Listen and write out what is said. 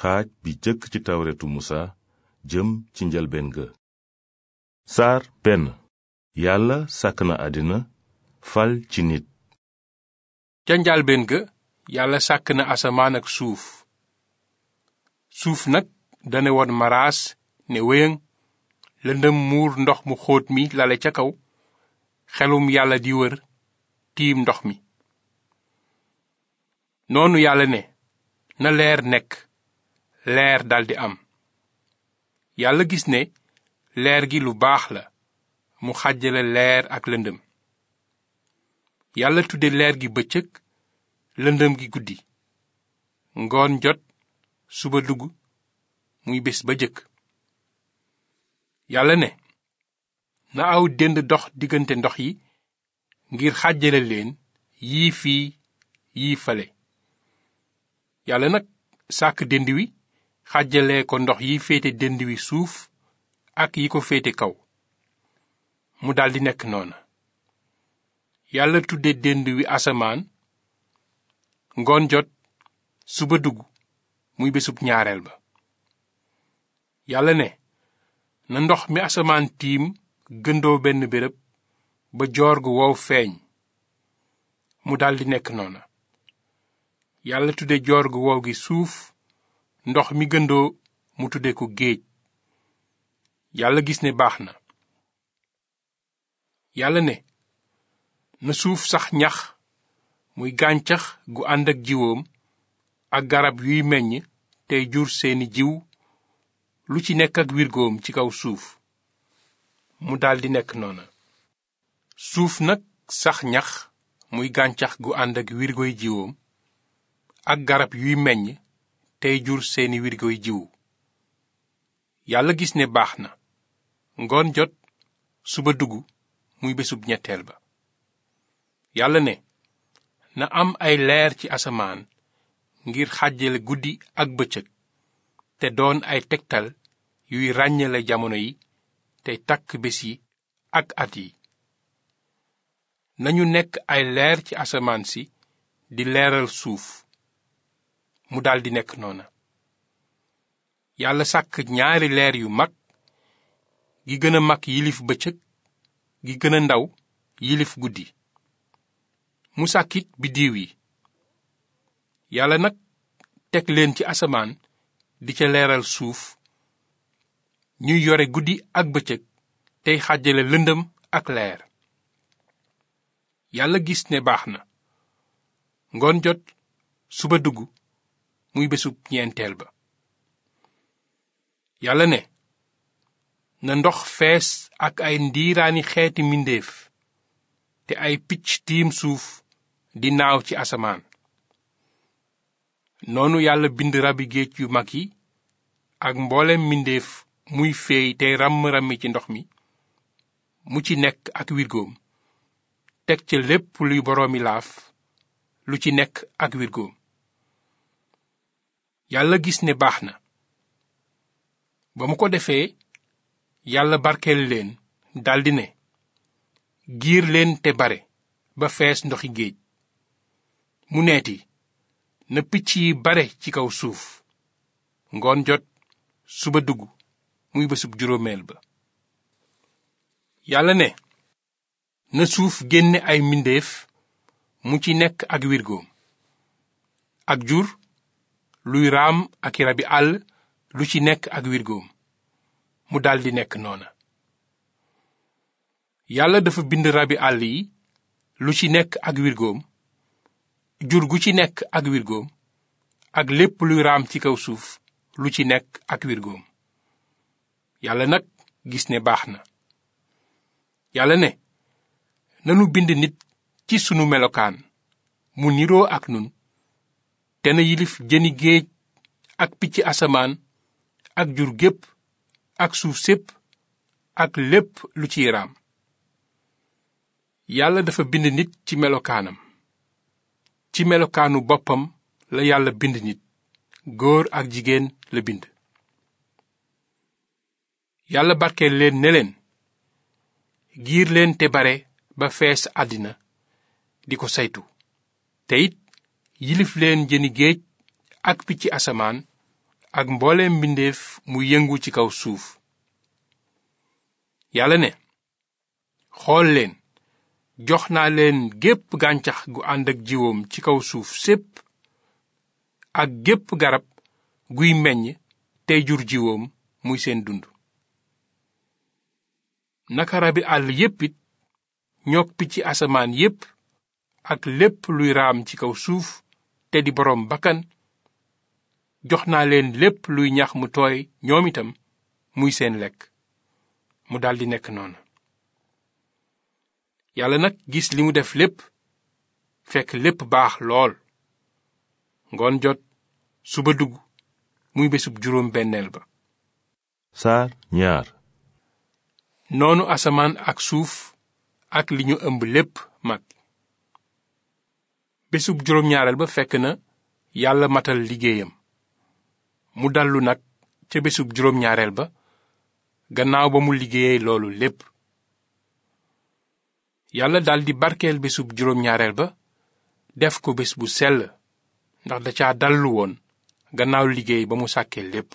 xaaj bi jëkk ci tawretu musa jëm ci saar benn yàlla sàkk na àddina fal ci nit ca njalbeen ga yàlla sàkk na asamaan ak suuf suuf nag dane woon maraas ne wéyëng lëndëm muur ndox mu xóot mi lale ca kaw xelum yàlla di wër tiim ndox mi noonu yàlla ne na leer nekk leer daldi am yàlla gis ne leer gi lu baax la mu xàjjale leer ak lëndëm yàlla tudde leer gi ba bëccëg lëndëm gi guddi ngoon jot suba dugg muy bés ba jëkk yàlla ne na aw dënd dox diggante ndox yi ngir xàjjale leen yii fii yii fale yàlla nag sàkk dënd wi xajale ko ndox yiy féete dënd wi suuf ak yi ko féete kaw mu daldi nekk noona yàlla tudde dënd wi asamaan ngoon jot suba dugg muy bésub ñaareel ba yàlla ne na ndox mi asamaan tiim gëndoo benn béréb ba joor gu wow feeñ mu daldi nekk noona yàlla tudde joor gu wow gi suuf ndox mi gëndoo mu tudde ko géej yàlla gis ne baax na yàlla ne na suuf sax ñax muy gàncax gu ànd ak jiwoom ak garab yuy meññ tey jur seeni jiw lu ci nekk ak wirgoom ci kaw suuf mu daldi nekk noona suuf nag sax ñax muy gàncax gu ànd ak wirgoy jiwoom ak garab yuy meññ tey jur seeni wirgoy jiwu yàlla gis ne baax na ngoon jot suba dugg muy bésub ñetteel ba yàlla ne na am ay leer ci asamaan ngir xàjjale guddi ak bëccëg te doon ay tegtal yuy ràññale jamono yi tey takk bés yi ak at yi nañu nekk ay leer ci asamaan si di leeral suuf mu daldi nekk noona yàlla sàkk ñaari leer yu mag gi gën a mag yilif bëccëg gi gën a ndaw yilif guddi mu sàkkit biddiiw yi yàlla nag teg leen ci asamaan di ca leeral suuf ñuy yore guddi ak bëccëg tey xàjjale lëndëm ak leer yàlla gis ne baax na ngoon jot suba dugg muy bésub ñeenteel ba yàlla ne na ndox fees ak ay ndiiraani xeeti mbindeef te ay picc tiim suuf di naaw ci asamaan noonu yàlla bind rabi géej yu mag yi ak mboolem mbindeef muy feey tey ràmm-ràmmi ci ndox mi mu ci nekk ak wirgoom teg ca lépp luy boroomi laaf lu ci nekk ak wirgoom yàlla gis ne baax na ba mu ko defee yàlla barkeel leen daldi ne giir leen te bare ba fees ndoxi géej mu neeti na picc yi bare ci kaw suuf ngoon jot suba dugg muy bésub juróomeel ba yàlla ne na suuf génne ay mbindeef mu ci nekk ak wirgoom ak jur luy raam ak i rabi àll lu ci nekk ak wirgoom mu daldi nekk noona yàlla dafa bind rabi àll yi lu ci nekk ak wirgoom jur gu ci nekk ak wirgoom ak lépp luy raam ci kaw suuf lu ci nekk ak wirgoom yàlla nag gis ne baax na yàlla ne nanu bind nit ci sunu melokaan mu niroo ak nun te na yilif jëni géej ak picc asamaan ak jur gépp ak suuf sépp ak lépp lu ci yaram yàlla dafa bind nit ci melokaanam ci melokaanu boppam la yàlla bind nit góor ak jigéen la bind yàlla barkeel leen ne giir leen te bare ba fees àddina di ko saytu te yilif leen jëni géej ak picc asamaan ak mbooleem mbindeef mu yëngu ci kaw suuf yàlla ne xool leen jox naa leen gépp gàncax gu ànd ak jiwoom ci kaw suuf sépp ak gépp garab guy meññ tey jur jiwoom muy seen dund naka rabi àll yépp it ñoog picc asamaan yépp ak lépp luy raam ci kaw suuf te di boroom bakkan jox naa leen lépp luy ñax mu tooy ñoom itam muy seen lekk mu daldi nekk noonu yàlla nag gis li mu def lépp fekk lépp baax lool ngoon jot suba dugg muy bésub juróom benneel ba saar ñaar noonu asamaan ak suuf ak li ñu ëmb lépp bésub juróom-ñaareel ba fekk na yàlla matal liggéeyam mu dallu nag ca bésub juróom-ñaareel ba gannaaw ba mu liggéeyee loolu lépp yàlla daldi barkeel bésub juróom-ñaareel ba def ko bés bu sell ndax da caa dallu woon gannaaw liggéey ba mu sàkkee lépp